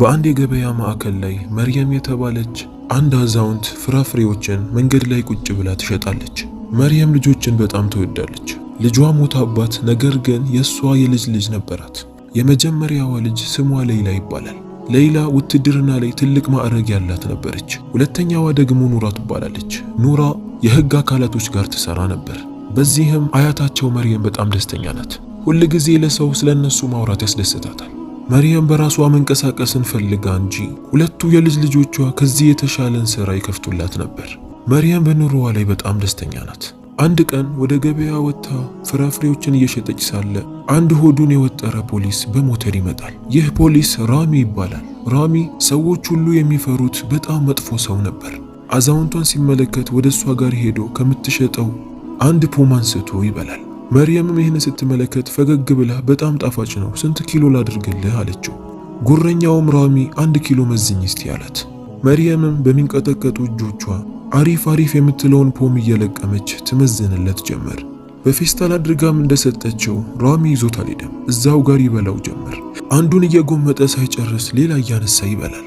በአንድ የገበያ ማዕከል ላይ መርየም የተባለች አንድ አዛውንት ፍራፍሬዎችን መንገድ ላይ ቁጭ ብላ ትሸጣለች። መርየም ልጆችን በጣም ትወዳለች። ልጇ ሞታባት፣ ነገር ግን የእሷ የልጅ ልጅ ነበራት። የመጀመሪያዋ ልጅ ስሟ ሌይላ ይባላል። ሌይላ ውትድርና ላይ ትልቅ ማዕረግ ያላት ነበረች። ሁለተኛዋ ደግሞ ኑራ ትባላለች። ኑራ የህግ አካላቶች ጋር ትሰራ ነበር። በዚህም አያታቸው መርየም በጣም ደስተኛ ናት። ሁል ጊዜ ለሰው ስለ እነሱ ማውራት ያስደስታታል። መርያም በራሷ መንቀሳቀስን ፈልጋ እንጂ ሁለቱ የልጅ ልጆቿ ከዚህ የተሻለን ሥራ ይከፍቱላት ነበር። መርየም በኑሮዋ ላይ በጣም ደስተኛ ናት። አንድ ቀን ወደ ገበያ ወጥታ ፍራፍሬዎችን እየሸጠች ሳለ አንድ ሆዱን የወጠረ ፖሊስ በሞተር ይመጣል። ይህ ፖሊስ ራሚ ይባላል። ራሚ ሰዎች ሁሉ የሚፈሩት በጣም መጥፎ ሰው ነበር። አዛውንቷን ሲመለከት ወደ እሷ ጋር ሄዶ ከምትሸጠው አንድ ፖም አንስቶ ይበላል። መርየምም ይህን ስትመለከት ፈገግ ብላ በጣም ጣፋጭ ነው፣ ስንት ኪሎ ላድርግልህ አለችው። ጉረኛውም ራሚ አንድ ኪሎ መዝኝ እስቲ አላት። መርየምም በሚንቀጠቀጡ እጆቿ አሪፍ አሪፍ የምትለውን ፖም እየለቀመች ትመዝንለት ጀመር። በፌስታል አድርጋም እንደሰጠችው ራሚ ይዞት አልሄደም፣ እዛው ጋር ይበላው ጀመር። አንዱን እየጎመጠ ሳይጨርስ ሌላ እያነሳ ይበላል።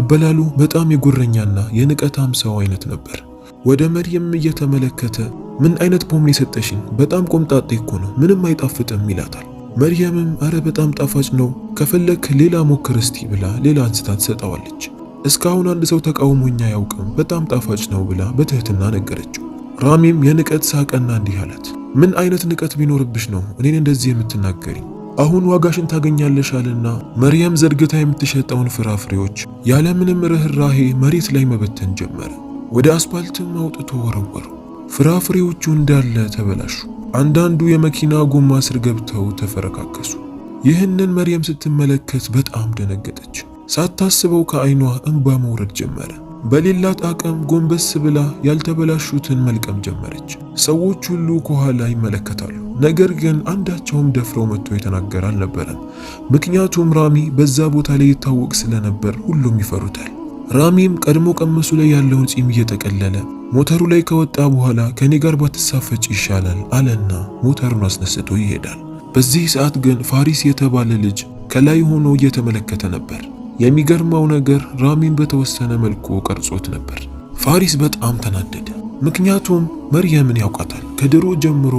አበላሉ በጣም የጉረኛና የንቀታም ሰው አይነት ነበር። ወደ መርየም እየተመለከተ ምን አይነት ፖም ነው የሰጠሽኝ? በጣም ቆምጣጤ እኮ ነው፣ ምንም አይጣፍጥም ይላታል። መርየምም አረ በጣም ጣፋጭ ነው፣ ከፈለክ ሌላ ሞክር እስቲ ብላ ሌላ አንስታ ትሰጠዋለች። እስካሁን አንድ ሰው ተቃውሞኛ አያውቅም። በጣም ጣፋጭ ነው ብላ በትህትና ነገረችው። ራሚም የንቀት ሳቀና እንዲህ አላት፣ ምን አይነት ንቀት ቢኖርብሽ ነው እኔን እንደዚህ የምትናገሪኝ? አሁን ዋጋሽን ታገኛለሽ አለና መርየም ዘርግታ የምትሸጠውን ፍራፍሬዎች ያለምንም ርኅራሄ መሬት ላይ መበተን ጀመረ። ወደ አስፓልትም አውጥቶ ወረወረው። ፍራፍሬዎቹ እንዳለ ተበላሹ። አንዳንዱ የመኪና ጎማ ስር ገብተው ተፈረካከሱ። ይህንን መርየም ስትመለከት በጣም ደነገጠች። ሳታስበው ከዓይኗ እንባ መውረድ ጀመረ። በሌላት አቅም ጎንበስ ብላ ያልተበላሹትን መልቀም ጀመረች። ሰዎች ሁሉ ከኋላ ይመለከታሉ፣ ነገር ግን አንዳቸውም ደፍረው መጥቶ የተናገረ አልነበረም። ምክንያቱም ራሚ በዛ ቦታ ላይ ይታወቅ ስለነበር ሁሉም ይፈሩታል። ራሚም ቀድሞ ቀመሱ ላይ ያለውን ፂም እየጠቀለለ ሞተሩ ላይ ከወጣ በኋላ ከኔ ጋር ባትሳፈጭ ይሻላል አለና ሞተሩን አስነስቶ ይሄዳል። በዚህ ሰዓት ግን ፋሪስ የተባለ ልጅ ከላይ ሆኖ እየተመለከተ ነበር። የሚገርመው ነገር ራሚም በተወሰነ መልኩ ቀርጾት ነበር። ፋሪስ በጣም ተናደደ። ምክንያቱም መርየምን ያውቃታል። ከድሮ ጀምሮ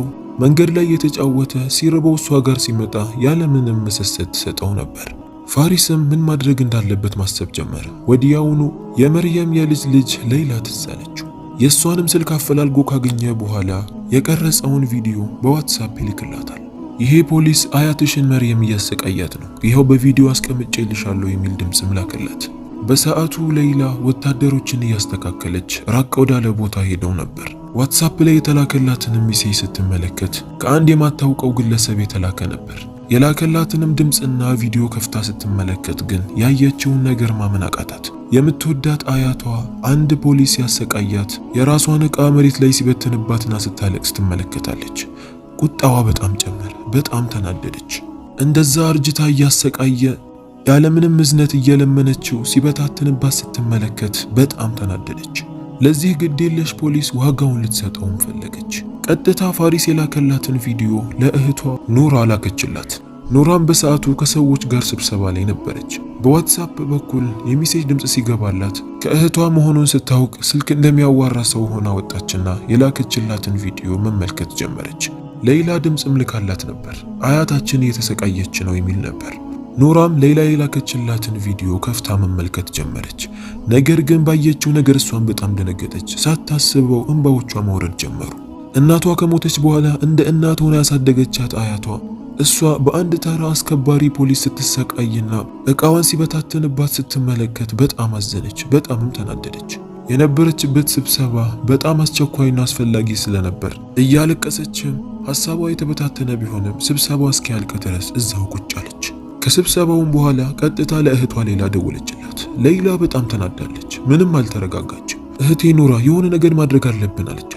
መንገድ ላይ የተጫወተ ሲርበው እሷ ጋር ሲመጣ ያለምንም መሰሰት ሰጠው ነበር። ፋሪስም ምን ማድረግ እንዳለበት ማሰብ ጀመረ። ወዲያውኑ የመርየም የልጅ ልጅ ሌይላ ትዝ አለችው። የእሷንም ስልክ አፈላልጎ ካገኘ በኋላ የቀረጸውን ቪዲዮ በዋትሳፕ ይልክላታል። ይሄ ፖሊስ አያትሽን መርየም እያሰቃያት ነው፣ ይኸው በቪዲዮ አስቀምጬልሻለሁ የሚል ድምፅም ምላከላት በሰዓቱ ሌይላ ወታደሮችን እያስተካከለች ራቅ ወዳለ ቦታ ሄደው ነበር። ዋትሳፕ ላይ የተላከላትን ሚሴ ስትመለከት ከአንድ የማታውቀው ግለሰብ የተላከ ነበር። የላከላትንም ድምፅና ቪዲዮ ከፍታ ስትመለከት ግን ያየችውን ነገር ማመን አቃታት። የምትወዳት አያቷ አንድ ፖሊስ ያሰቃያት የራሷን ዕቃ መሬት ላይ ሲበትንባትና ስታለቅስ ትመለከታለች። ቁጣዋ በጣም ጨመረ። በጣም ተናደደች። እንደዛ እርጅታ እያሰቃየ ያለምንም እዝነት እየለመነችው ሲበታትንባት ስትመለከት በጣም ተናደደች። ለዚህ ግዴለሽ ፖሊስ ዋጋውን ልትሰጠውም ፈለገች። ቀጥታ ፋሪስ የላከላትን ቪዲዮ ለእህቷ ኖራ ላከችላት። ኖራም በሰዓቱ ከሰዎች ጋር ስብሰባ ላይ ነበረች። በዋትሳፕ በኩል የሚሴጅ ድምፅ ሲገባላት ከእህቷ መሆኑን ስታውቅ ስልክ እንደሚያዋራ ሰው ሆና ወጣችና የላከችላትን ቪዲዮ መመልከት ጀመረች። ሌላ ድምፅም ልካላት ነበር። አያታችን እየተሰቃየች ነው የሚል ነበር። ኖራም ሌላ የላከችላትን ቪዲዮ ከፍታ መመልከት ጀመረች። ነገር ግን ባየችው ነገር እሷን በጣም ደነገጠች። ሳታስበው እንባዎቿ መውረድ ጀመሩ። እናቷ ከሞተች በኋላ እንደ እናት ሆና ያሳደገቻት አያቷ እሷ በአንድ ተራ አስከባሪ ፖሊስ ስትሰቃይና ዕቃዋን ሲበታተንባት ስትመለከት በጣም አዘነች፣ በጣምም ተናደደች። የነበረችበት ስብሰባ በጣም አስቸኳይና አስፈላጊ ስለነበር እያለቀሰችም ሐሳቧ የተበታተነ ቢሆንም ስብሰባው እስኪያልቅ ድረስ እዛው ቁጭ አለች። ከስብሰባውም በኋላ ቀጥታ ለእህቷ ሌላ ደወለችላት። ሌላ በጣም ተናዳለች፣ ምንም አልተረጋጋችም። እህቴ ኑራ የሆነ ነገር ማድረግ አለብን አለች።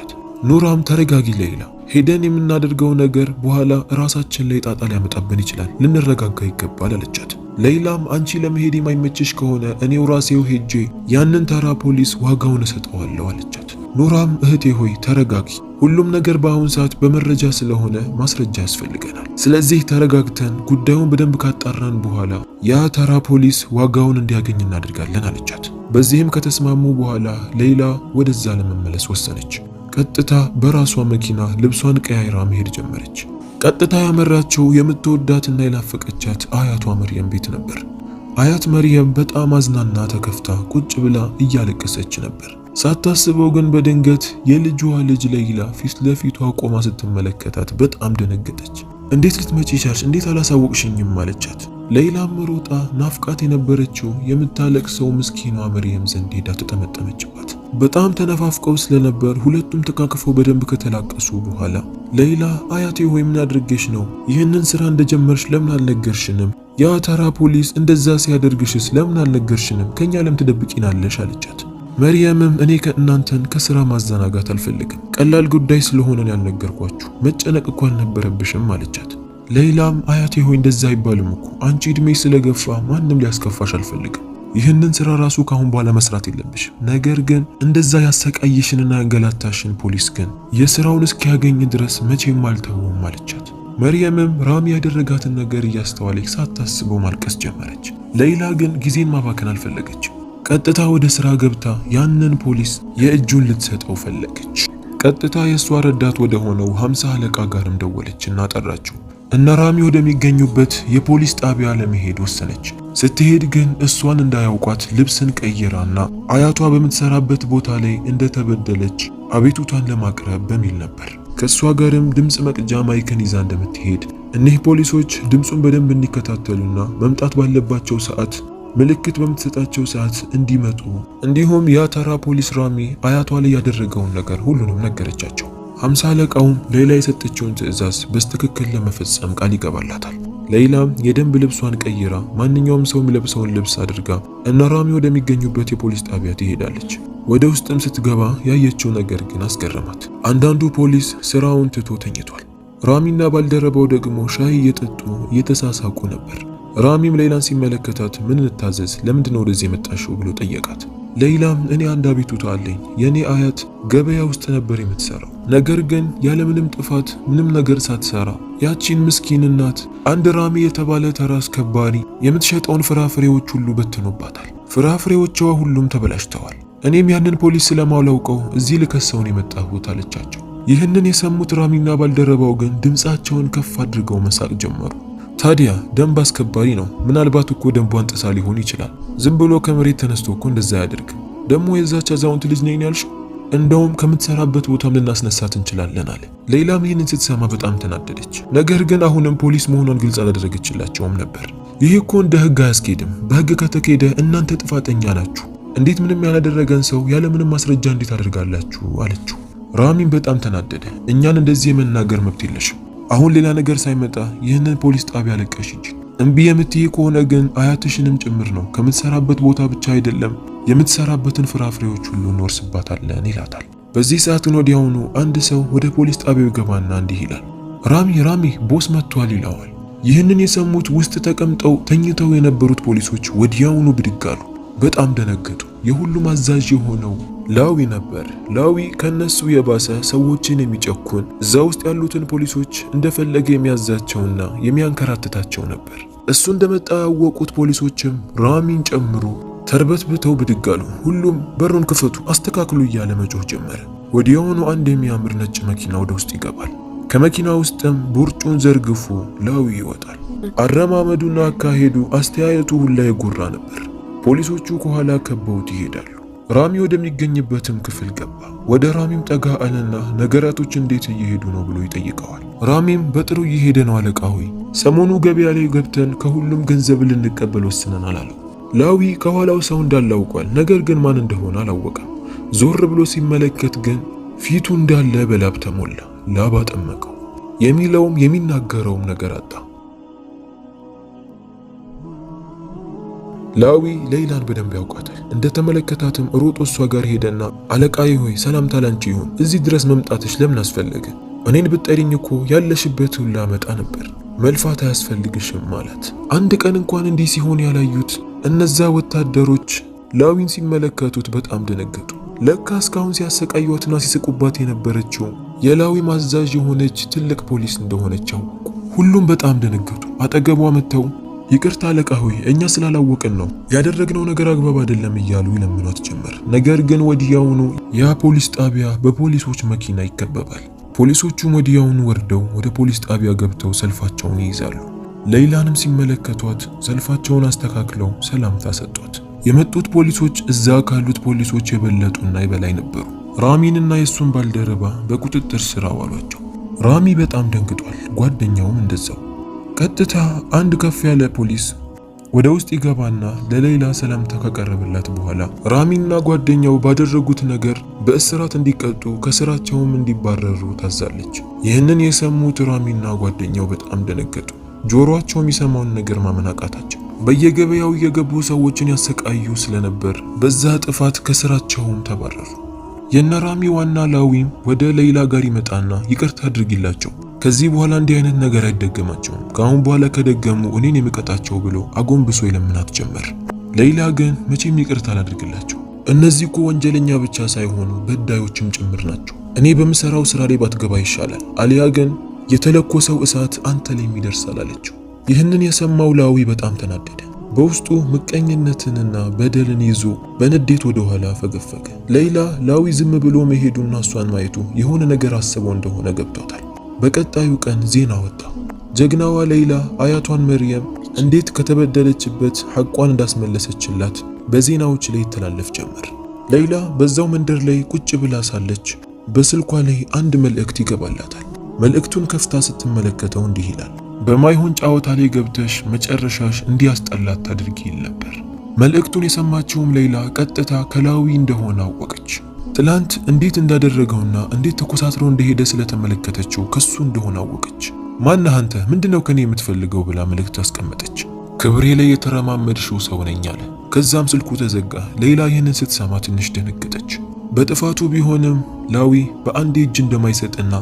ኑራም ተረጋጊ ሌላ ሄደን የምናደርገው ነገር በኋላ ራሳችን ላይ ጣጣ ሊያመጣብን ይችላል፣ ልንረጋጋ ይገባል አለቻት። ሌይላም አንቺ ለመሄድ የማይመችሽ ከሆነ እኔው ራሴው ሄጄ ያንን ተራ ፖሊስ ዋጋውን እሰጠዋለሁ አለቻት። ኑራም እህቴ ሆይ ተረጋጊ፣ ሁሉም ነገር በአሁን ሰዓት በመረጃ ስለሆነ ማስረጃ ያስፈልገናል። ስለዚህ ተረጋግተን ጉዳዩን በደንብ ካጣራን በኋላ ያ ተራ ፖሊስ ዋጋውን እንዲያገኝ እናደርጋለን አለቻት። በዚህም ከተስማሙ በኋላ ሌይላ ወደዛ ለመመለስ ወሰነች። ቀጥታ በራሷ መኪና ልብሷን ቀያይራ መሄድ ጀመረች። ቀጥታ ያመራቸው የምትወዳትና የናፈቀቻት አያቷ መርየም ቤት ነበር። አያት መርየም በጣም አዝናና ተከፍታ ቁጭ ብላ እያለቀሰች ነበር። ሳታስበው ግን በድንገት የልጇ ልጅ ለይላ ፊት ለፊቷ ቆማ ስትመለከታት በጣም ደነገጠች። እንዴት ልትመጪ ቻልሽ? እንዴት አላሳወቅሽኝም? አለቻት። ሌይላም ሮጣ ናፍቃት የነበረችው የምታለቅሰው ምስኪኗ መርየም ዘንድ ሄዳ ተጠመጠመችባት። በጣም ተነፋፍቀው ስለነበር ሁለቱም ተቃቅፈው በደንብ ከተላቀሱ በኋላ ሌይላ አያቴ ሆይ ምን አድርጌሽ ነው? ይህንን ስራ እንደጀመርሽ ለምን አልነገርሽንም? ያ ተራ ፖሊስ እንደዛ ሲያደርግሽስ ለምን አልነገርሽንም? ከእኛ ለም ትደብቂናለሽ? አለቻት መርየምም እኔ ከእናንተን ከስራ ማዘናጋት አልፈልግም፣ ቀላል ጉዳይ ስለሆነን ያልነገርኳችሁ መጨነቅ እኮ አልነበረብሽም አለቻት። ሌይላም አያቴ ሆይ እንደዛ አይባልም እኮ አንቺ ዕድሜ ስለገፋ ማንም ሊያስከፋሽ አልፈልግም። ይህንን ስራ ራሱ ካሁን በኋላ መስራት የለብሽም። ነገር ግን እንደዛ ያሰቃየሽንና ያንገላታሽን ፖሊስ ግን የስራውን እስኪያገኝ ድረስ መቼም አልተውም አለቻት። መርየምም ራሚ ያደረጋትን ነገር እያስተዋለች ሳታስበው ማልቀስ ጀመረች። ሌይላ ግን ጊዜን ማባከን አልፈለገችም። ቀጥታ ወደ ስራ ገብታ ያንን ፖሊስ የእጁን ልትሰጠው ፈለገች። ቀጥታ የእሷ ረዳት ወደ ሆነው ሀምሳ አለቃ ጋርም ደወለች እና ጠራችው። እነ ራሚ ወደሚገኙበት የፖሊስ ጣቢያ ለመሄድ ወሰነች። ስትሄድ ግን እሷን እንዳያውቋት ልብስን ቀይራና አያቷ በምትሰራበት ቦታ ላይ እንደተበደለች አቤቱታን ለማቅረብ በሚል ነበር። ከእሷ ጋርም ድምፅ መቅጃ ማይክን ይዛ እንደምትሄድ እኒህ ፖሊሶች ድምፁን በደንብ እንዲከታተሉና መምጣት ባለባቸው ሰዓት ምልክት በምትሰጣቸው ሰዓት እንዲመጡ እንዲሁም ያ ተራ ፖሊስ ራሚ አያቷ ላይ ያደረገውን ነገር ሁሉንም ነገረቻቸው። ሀምሳ አለቃውም ሌላ የሰጠችውን ትዕዛዝ በስትክክል ለመፈጸም ቃል ይገባላታል። ሌይላም የደንብ ልብሷን ቀይራ ማንኛውም ሰው የሚለብሰውን ልብስ አድርጋ እና ራሚ ወደሚገኙበት የፖሊስ ጣቢያ ትሄዳለች። ወደ ውስጥም ስትገባ ያየችው ነገር ግን አስገረማት። አንዳንዱ ፖሊስ ስራውን ትቶ ተኝቷል። ራሚና ባልደረባው ደግሞ ሻይ እየጠጡ እየተሳሳቁ ነበር። ራሚም ሌላን ሲመለከታት ምን ልታዘዝ ለምንድን ነው ወደዚህ የመጣሽው ብሎ ጠየቃት። ሌላም እኔ አንድ አቤቱታ አለኝ፣ የእኔ አያት ገበያ ውስጥ ነበር የምትሰራው። ነገር ግን ያለምንም ጥፋት ምንም ነገር ሳትሰራ ያቺን ምስኪን እናት አንድ ራሚ የተባለ ተራ አስከባሪ የምትሸጠውን ፍራፍሬዎች ሁሉ በትኖባታል። ፍራፍሬዎቿ ሁሉም ተበላሽተዋል። እኔም ያንን ፖሊስ ስለማላውቀው እዚህ ልከሰውን የመጣሁት አለቻቸው። ይህንን የሰሙት ራሚና ባልደረባው ግን ድምፃቸውን ከፍ አድርገው መሳቅ ጀመሩ። ታዲያ ደንብ አስከባሪ ነው። ምናልባት እኮ ደንቧን ጥሳ ሊሆን ይችላል። ዝም ብሎ ከመሬት ተነስቶ እኮ እንደዛ ያደርግ። ደግሞ የዛች አዛውንት ልጅ ነኝ ያልሽ? እንደውም ከምትሰራበት ቦታም ልናስነሳት እንችላለን አለ። ሌላም ይህንን ስትሰማ በጣም ተናደደች። ነገር ግን አሁንም ፖሊስ መሆኗን ግልጽ አላደረገችላቸውም ነበር። ይህ እኮ እንደ ህግ አያስኬድም። በህግ ከተኬደ እናንተ ጥፋተኛ ናችሁ። እንዴት ምንም ያላደረገን ሰው ያለምንም ማስረጃ እንዴት አደርጋላችሁ አለችው። ራሚን በጣም ተናደደ። እኛን እንደዚህ የመናገር መብት የለሽም አሁን ሌላ ነገር ሳይመጣ ይህንን ፖሊስ ጣቢያ ለቀሽ ሂጂ። እምቢ የምትይ ከሆነ ግን አያትሽንም ጭምር ነው ከምትሰራበት ቦታ ብቻ አይደለም የምትሰራበትን ፍራፍሬዎች ሁሉ እንወርስባታለን ይላታል። በዚህ ሰዓትን ወዲያውኑ አንድ ሰው ወደ ፖሊስ ጣቢያው ይገባና እንዲህ ይላል፣ ራሚ ራሚ ቦስ መጥቷል ይለዋል። ይህንን የሰሙት ውስጥ ተቀምጠው ተኝተው የነበሩት ፖሊሶች ወዲያውኑ ብድግ አሉ። በጣም ደነገጡ። የሁሉም አዛዥ የሆነው ላዊ ነበር። ላዊ ከነሱ የባሰ ሰዎችን የሚጨኩን እዛ ውስጥ ያሉትን ፖሊሶች እንደፈለገ የሚያዛቸውና የሚያንከራትታቸው ነበር። እሱ እንደመጣ ያወቁት ፖሊሶችም ራሚን ጨምሮ ተርበትብተው ብድግ አሉ። ሁሉም በሩን ክፈቱ፣ አስተካክሉ እያለ መጮህ ጀመረ። ወዲያውኑ አንድ የሚያምር ነጭ መኪና ወደ ውስጥ ይገባል። ከመኪና ውስጥም ቦርጩን ዘርግፎ ላዊ ይወጣል። አረማመዱና አካሄዱ፣ አስተያየቱ ሁላ የጎራ ነበር። ፖሊሶቹ ከኋላ ከበውት ይሄዳሉ። ራሚ ወደሚገኝበትም ክፍል ገባ። ወደ ራሚም ጠጋ አለና ነገራቶች እንዴት እየሄዱ ነው ብሎ ይጠይቀዋል። ራሚም በጥሩ እየሄደ ነው አለቃ ሆይ፣ ሰሞኑ ገበያ ላይ ገብተን ከሁሉም ገንዘብ ልንቀበል ወስነናል አለው። ላዊ ከኋላው ሰው እንዳላውቋል፣ ነገር ግን ማን እንደሆነ አላወቀም። ዞር ብሎ ሲመለከት ግን ፊቱ እንዳለ በላብ ተሞላ። ላብ አጠመቀው። የሚለውም የሚናገረውም ነገር አጣ። ላዊ ሌይላን በደንብ ያውቃታል። እንደተመለከታትም ሮጦ እሷ ጋር ሄደና አለቃዬ ሆይ ሰላምታ ላንቺ ይሁን፣ እዚህ ድረስ መምጣትሽ ለምን አስፈለገ? እኔን ብጠሪኝ እኮ ያለሽበት ሁሉ መጣ ነበር። መልፋት አያስፈልግሽም ማለት አንድ ቀን እንኳን እንዲህ ሲሆን ያላዩት እነዛ ወታደሮች ላዊን ሲመለከቱት በጣም ደነገጡ። ለካ እስካሁን ሲያሰቃዩትና ሲስቁባት የነበረችው የላዊ ማዛዥ የሆነች ትልቅ ፖሊስ እንደሆነች አወቁ። ሁሉም በጣም ደነገጡ። አጠገቧ መጥተው ይቅርታ አለቃ ሆይ እኛ ስላላወቅን ነው ያደረግነው ነገር አግባብ አይደለም እያሉ ይለምኗት ጀመር። ነገር ግን ወዲያውኑ ያ ፖሊስ ጣቢያ በፖሊሶች መኪና ይከበባል። ፖሊሶቹም ወዲያውኑ ወርደው ወደ ፖሊስ ጣቢያ ገብተው ሰልፋቸውን ይይዛሉ። ሌይላንም ሲመለከቷት ሰልፋቸውን አስተካክለው ሰላምታ ሰጧት። የመጡት ፖሊሶች እዛ ካሉት ፖሊሶች የበለጡና የበላይ ነበሩ። ራሚንና የእሱን ባልደረባ በቁጥጥር ስር አዋሏቸው። ራሚ በጣም ደንግጧል፣ ጓደኛውም እንደዛው ቀጥታ አንድ ከፍ ያለ ፖሊስ ወደ ውስጥ ይገባና ለሌላ ሰላምታ ካቀረበላት በኋላ ራሚና ጓደኛው ባደረጉት ነገር በእስራት እንዲቀጡ ከስራቸውም እንዲባረሩ ታዛለች። ይህንን የሰሙት ራሚና ጓደኛው በጣም ደነገጡ። ጆሮአቸው የሚሰማውን ነገር ማመን አቃታቸው። በየገበያው እየገቡ ሰዎችን ያሰቃዩ ስለነበር በዛ ጥፋት ከስራቸውም ተባረሩ። የነራሚ ዋና ላዊም ወደ ሌላ ጋር ይመጣና ይቅርታ አድርጊላቸው ከዚህ በኋላ እንዲህ አይነት ነገር አይደገማቸውም፣ ከአሁን በኋላ ከደገሙ እኔን የምቀጣቸው ብሎ አጎንብሶ ይለምናት ጀመር። ሌይላ ግን መቼም ይቅርታ አላደርግላቸው። እነዚህ እኮ ወንጀለኛ ብቻ ሳይሆኑ በዳዮችም ጭምር ናቸው። እኔ በምሰራው ስራ ላይ ባትገባ ይሻላል፣ አሊያ ግን የተለኮሰው እሳት አንተ ላይ የሚደርሳል አለችው። ይህንን የሰማው ላዊ በጣም ተናደደ። በውስጡ ምቀኝነትንና በደልን ይዞ በንዴት ወደ ኋላ ፈገፈገ። ሌይላ ላዊ ዝም ብሎ መሄዱና እሷን ማየቱ የሆነ ነገር አስበው እንደሆነ ገብቷታል። በቀጣዩ ቀን ዜና ወጣ። ጀግናዋ ሌይላ አያቷን መርየም እንዴት ከተበደለችበት ሐቋን እንዳስመለሰችላት በዜናዎች ላይ ይተላለፍ ጀመር። ሌይላ በዛው መንደር ላይ ቁጭ ብላ ሳለች በስልኳ ላይ አንድ መልእክት ይገባላታል። መልእክቱን ከፍታ ስትመለከተው እንዲህ ይላል፣ በማይሆን ጫወታ ላይ ገብተሽ መጨረሻሽ እንዲያስጠላት ታድርጊ ይል ነበር። መልእክቱን የሰማችውም ሌይላ ቀጥታ ከላዊ እንደሆነ አወቀች። ትላንት እንዴት እንዳደረገውና እንዴት ተኮሳትሮ እንደሄደ ስለተመለከተችው ከሱ እንደሆነ አወቀች። ማነህ አንተ? ምንድነው ከኔ የምትፈልገው? ብላ መልእክት አስቀመጠች። ክብሬ ላይ የተረማመድሽው ሰው ነኝ አለ። ከዛም ስልኩ ተዘጋ። ሌላ ይህንን ስትሰማ ትንሽ ደነገጠች። በጥፋቱ ቢሆንም ላዊ በአንድ እጅ እንደማይሰጥና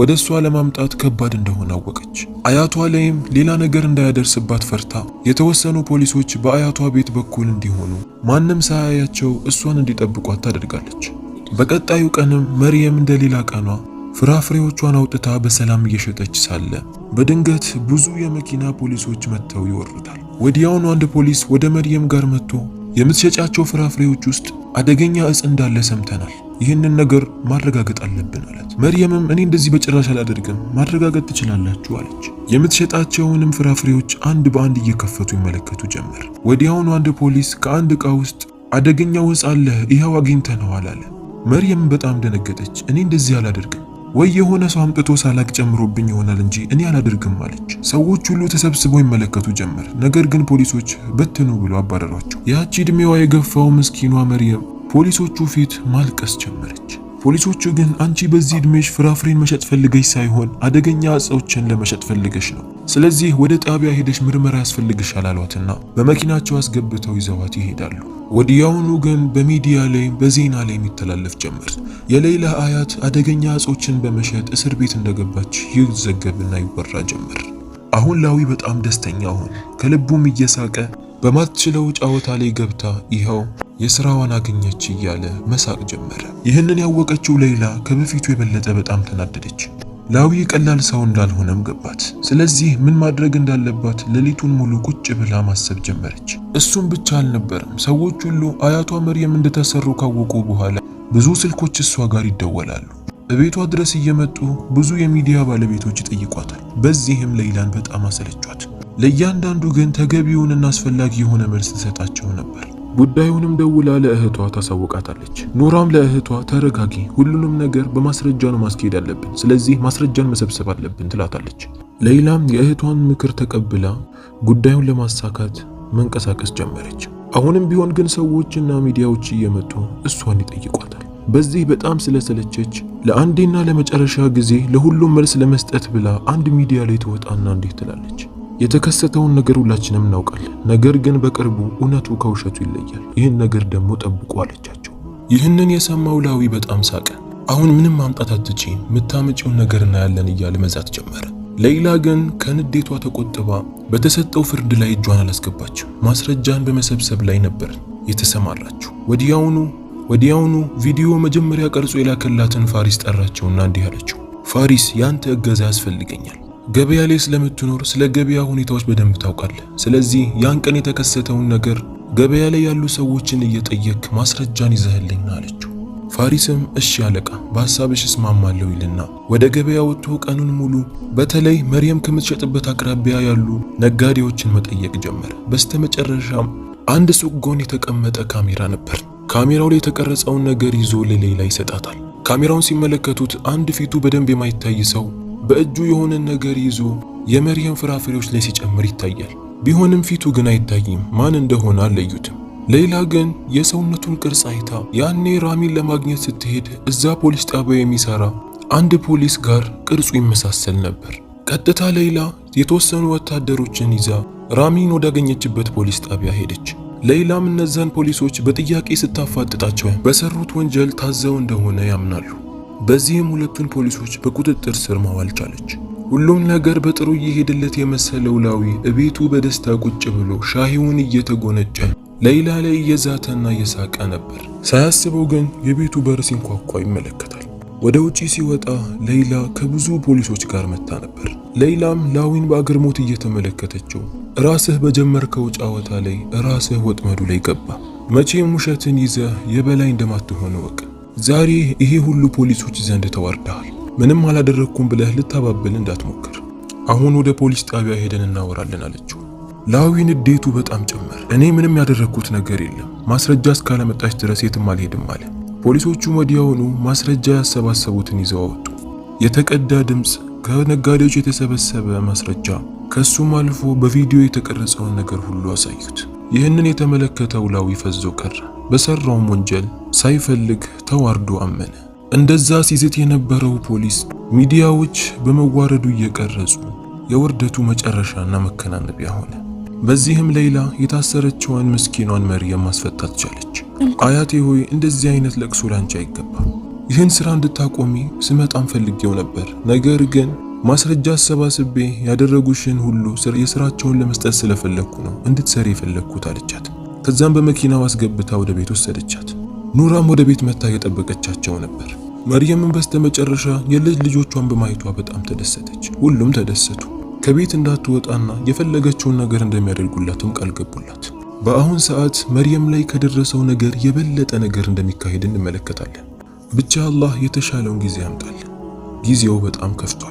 ወደ እሷ ለማምጣት ከባድ እንደሆነ አወቀች። አያቷ ላይም ሌላ ነገር እንዳያደርስባት ፈርታ የተወሰኑ ፖሊሶች በአያቷ ቤት በኩል እንዲሆኑ ማንም ሳያያቸው እሷን እንዲጠብቋት ታደርጋለች። በቀጣዩ ቀንም መርየም እንደሌላ ቀኗ ፍራፍሬዎቿን አውጥታ በሰላም እየሸጠች ሳለ በድንገት ብዙ የመኪና ፖሊሶች መጥተው ይወሩታል። ወዲያውኑ አንድ ፖሊስ ወደ መርየም ጋር መጥቶ የምትሸጫቸው ፍራፍሬዎች ውስጥ አደገኛ እጽ እንዳለ ሰምተናል፣ ይህንን ነገር ማረጋገጥ አለብን አለት። መርየምም እኔ እንደዚህ በጭራሽ አላደርግም፣ ማረጋገጥ ትችላላችሁ አለች። የምትሸጣቸውንም ፍራፍሬዎች አንድ በአንድ እየከፈቱ ይመለከቱ ጀመር። ወዲያውኑ አንድ ፖሊስ ከአንድ ዕቃ ውስጥ አደገኛው እጽ አለ፣ ይኸው አግኝተነዋል አለ። መርየም በጣም ደነገጠች። እኔ እንደዚህ አላደርግም ወይ የሆነ ሰው አምጥቶ ሳላቅ ጨምሮብኝ ይሆናል እንጂ እኔ አላደርግም አለች። ሰዎች ሁሉ ተሰብስበው ይመለከቱ ጀመር። ነገር ግን ፖሊሶች በትኑ ብሎ አባረሯቸው። ያቺ ድሜዋ የገፋው ምስኪኗ መርየም ፖሊሶቹ ፊት ማልቀስ ጀመረች። ፖሊሶቹ ግን አንቺ በዚህ እድሜሽ ፍራፍሬን መሸጥ ፈልገሽ ሳይሆን አደገኛ እጾችን ለመሸጥ ፈልገሽ ነው፣ ስለዚህ ወደ ጣቢያ ሄደሽ ምርመራ ያስፈልግሻል አሏትና በመኪናቸው አስገብተው ይዘዋት ይሄዳሉ። ወዲያውኑ ግን በሚዲያ ላይ በዜና ላይ የሚተላለፍ ጀመር። የሌላ አያት አደገኛ እጾችን በመሸጥ እስር ቤት እንደገባች ይዘገብና ይወራ ጀመር። አሁን ላዊ በጣም ደስተኛ ሆነ። ከልቡም እየሳቀ በማትችለው ጨዋታ ላይ ገብታ ይኸው የስራዋን አገኘች እያለ መሳቅ ጀመረ። ይህንን ያወቀችው ሌይላ ከበፊቱ የበለጠ በጣም ተናደደች። ላዊ ቀላል ሰው እንዳልሆነም ገባት። ስለዚህ ምን ማድረግ እንዳለባት ሌሊቱን ሙሉ ቁጭ ብላ ማሰብ ጀመረች። እሱም ብቻ አልነበረም። ሰዎች ሁሉ አያቷ መርየም እንደተሰሩ ካወቁ በኋላ ብዙ ስልኮች እሷ ጋር ይደወላሉ። እቤቷ ድረስ እየመጡ ብዙ የሚዲያ ባለቤቶች ይጠይቋታል። በዚህም ሌይላን በጣም አሰለቿት። ለእያንዳንዱ ግን ተገቢውንና አስፈላጊ የሆነ መልስ ትሰጣቸው ነበር። ጉዳዩንም ደውላ ለእህቷ ታሳውቃታለች። ኑራም ለእህቷ ተረጋጊ፣ ሁሉንም ነገር በማስረጃ ነው ማስኬድ አለብን፣ ስለዚህ ማስረጃን መሰብሰብ አለብን ትላታለች። ሌይላም የእህቷን ምክር ተቀብላ ጉዳዩን ለማሳካት መንቀሳቀስ ጀመረች። አሁንም ቢሆን ግን ሰዎችና ሚዲያዎች እየመጡ እሷን ይጠይቋታል። በዚህ በጣም ስለሰለቸች ለአንዴና ለመጨረሻ ጊዜ ለሁሉም መልስ ለመስጠት ብላ አንድ ሚዲያ ላይ ትወጣና እንዲህ ትላለች የተከሰተውን ነገር ሁላችንም እናውቃለን። ነገር ግን በቅርቡ እውነቱ ከውሸቱ ይለያል። ይህን ነገር ደግሞ ጠብቁ አለቻቸው። ይህንን የሰማው ላዊ በጣም ሳቀ። አሁን ምንም ማምጣት አትችይም፣ የምታመጪውን ነገር እናያለን እያለ መዛት ጀመረ። ሌይላ ግን ከንዴቷ ተቆጥባ በተሰጠው ፍርድ ላይ እጇን አላስገባችም። ማስረጃን በመሰብሰብ ላይ ነበር የተሰማራችው። ወዲያውኑ ወዲያውኑ ቪዲዮ መጀመሪያ ቀርጾ የላከላትን ፋሪስ ጠራቸውና እንዲህ አለችው፣ ፋሪስ ያንተ እገዛ ያስፈልገኛል ገበያ ላይ ስለምትኖር ስለ ገበያ ሁኔታዎች በደንብ ታውቃለህ። ስለዚህ ያን ቀን የተከሰተውን ነገር ገበያ ላይ ያሉ ሰዎችን እየጠየቅ ማስረጃን ይዘህልኝ አለችው። ፋሪስም እሺ አለቃ፣ በሐሳብሽ እስማማለሁ ይልና ወደ ገበያ ወጥቶ ቀኑን ሙሉ በተለይ መርየም ከምትሸጥበት አቅራቢያ ያሉ ነጋዴዎችን መጠየቅ ጀመረ። በስተመጨረሻም አንድ ሱቅ ጎን የተቀመጠ ካሜራ ነበር። ካሜራው ላይ የተቀረጸውን ነገር ይዞ ለሌላ ይሰጣታል። ካሜራውን ሲመለከቱት አንድ ፊቱ በደንብ የማይታይ ሰው በእጁ የሆነን ነገር ይዞ የመርየም ፍራፍሬዎች ላይ ሲጨምር ይታያል። ቢሆንም ፊቱ ግን አይታይም። ማን እንደሆነ አልለዩትም። ሌላ ግን የሰውነቱን ቅርጽ አይታ ያኔ ራሚን ለማግኘት ስትሄድ እዛ ፖሊስ ጣቢያ የሚሰራ አንድ ፖሊስ ጋር ቅርጹ ይመሳሰል ነበር። ቀጥታ ሌላ የተወሰኑ ወታደሮችን ይዛ ራሚን ወዳገኘችበት ፖሊስ ጣቢያ ሄደች። ሌላም እነዛን ፖሊሶች በጥያቄ ስታፋጥጣቸው በሰሩት ወንጀል ታዘው እንደሆነ ያምናሉ። በዚህም ሁለቱን ፖሊሶች በቁጥጥር ስር ማዋል ቻለች። ሁሉም ነገር በጥሩ እየሄደለት የመሰለው ላዊ እቤቱ በደስታ ቁጭ ብሎ ሻሂውን እየተጎነጨ ሌይላ ላይ እየዛተና እየሳቀ ነበር። ሳያስበው ግን የቤቱ በር ሲንኳኳ ይመለከታል። ወደ ውጪ ሲወጣ ሌይላ ከብዙ ፖሊሶች ጋር መታ ነበር። ሌይላም ላዊን በአግርሞት እየተመለከተችው ራስህ በጀመርከው ጨዋታ ላይ ራስህ ወጥመዱ ላይ ገባ፣ መቼም ውሸትን ይዘህ የበላይ እንደማትሆን እወቅ ዛሬ ይሄ ሁሉ ፖሊሶች ዘንድ ተዋርደሃል። ምንም አላደረግኩም ብለህ ልታባብል እንዳትሞክር። አሁን ወደ ፖሊስ ጣቢያ ሄደን እናወራለን አለችው። ላዊን ንዴቱ በጣም ጨመር። እኔ ምንም ያደረግኩት ነገር የለም ማስረጃ እስካለመጣች ድረስ የትም አልሄድም አለ። ፖሊሶቹ ወዲያውኑ ማስረጃ ያሰባሰቡትን ይዘው አወጡ። የተቀዳ ድምፅ፣ ከነጋዴዎች የተሰበሰበ ማስረጃ፣ ከሱም አልፎ በቪዲዮ የተቀረጸውን ነገር ሁሉ አሳዩት። ይህንን የተመለከተው ላዊ ፈዞ ቀረ። በሰራውም ወንጀል ሳይፈልግ ተዋርዶ አመነ። እንደዛ ሲዝት የነበረው ፖሊስ ሚዲያዎች በመዋረዱ እየቀረጹ የውርደቱ መጨረሻና መከናነቢያ ሆነ። በዚህም ሌላ የታሰረችዋን ምስኪኗን መርየም ማስፈታት ቻለች። አያቴ ሆይ እንደዚህ አይነት ለቅሶ ላንቺ አይገባም። ይህን ስራ እንድታቆሚ ስመጣም ፈልጌው ነበር፣ ነገር ግን ማስረጃ አሰባስቤ ያደረጉሽን ሁሉ የስራቸውን ለመስጠት ስለፈለግኩ ነው እንድትሰሪ የፈለግኩት አለቻት። ከዛም በመኪናው አስገብታ ወደ ቤት ወሰደቻት። ኑራም ወደ ቤት መታ እየጠበቀቻቸው ነበር። መርየምን በስተመጨረሻ የልጅ ልጆቿን በማየቷ በጣም ተደሰተች። ሁሉም ተደሰቱ። ከቤት እንዳትወጣና የፈለገችውን ነገር እንደሚያደርጉላትም ቃል ገቡላት። በአሁን ሰዓት መርየም ላይ ከደረሰው ነገር የበለጠ ነገር እንደሚካሄድ እንመለከታለን። ብቻ አላህ የተሻለውን ጊዜ ያምጣል። ጊዜው በጣም ከፍቷል።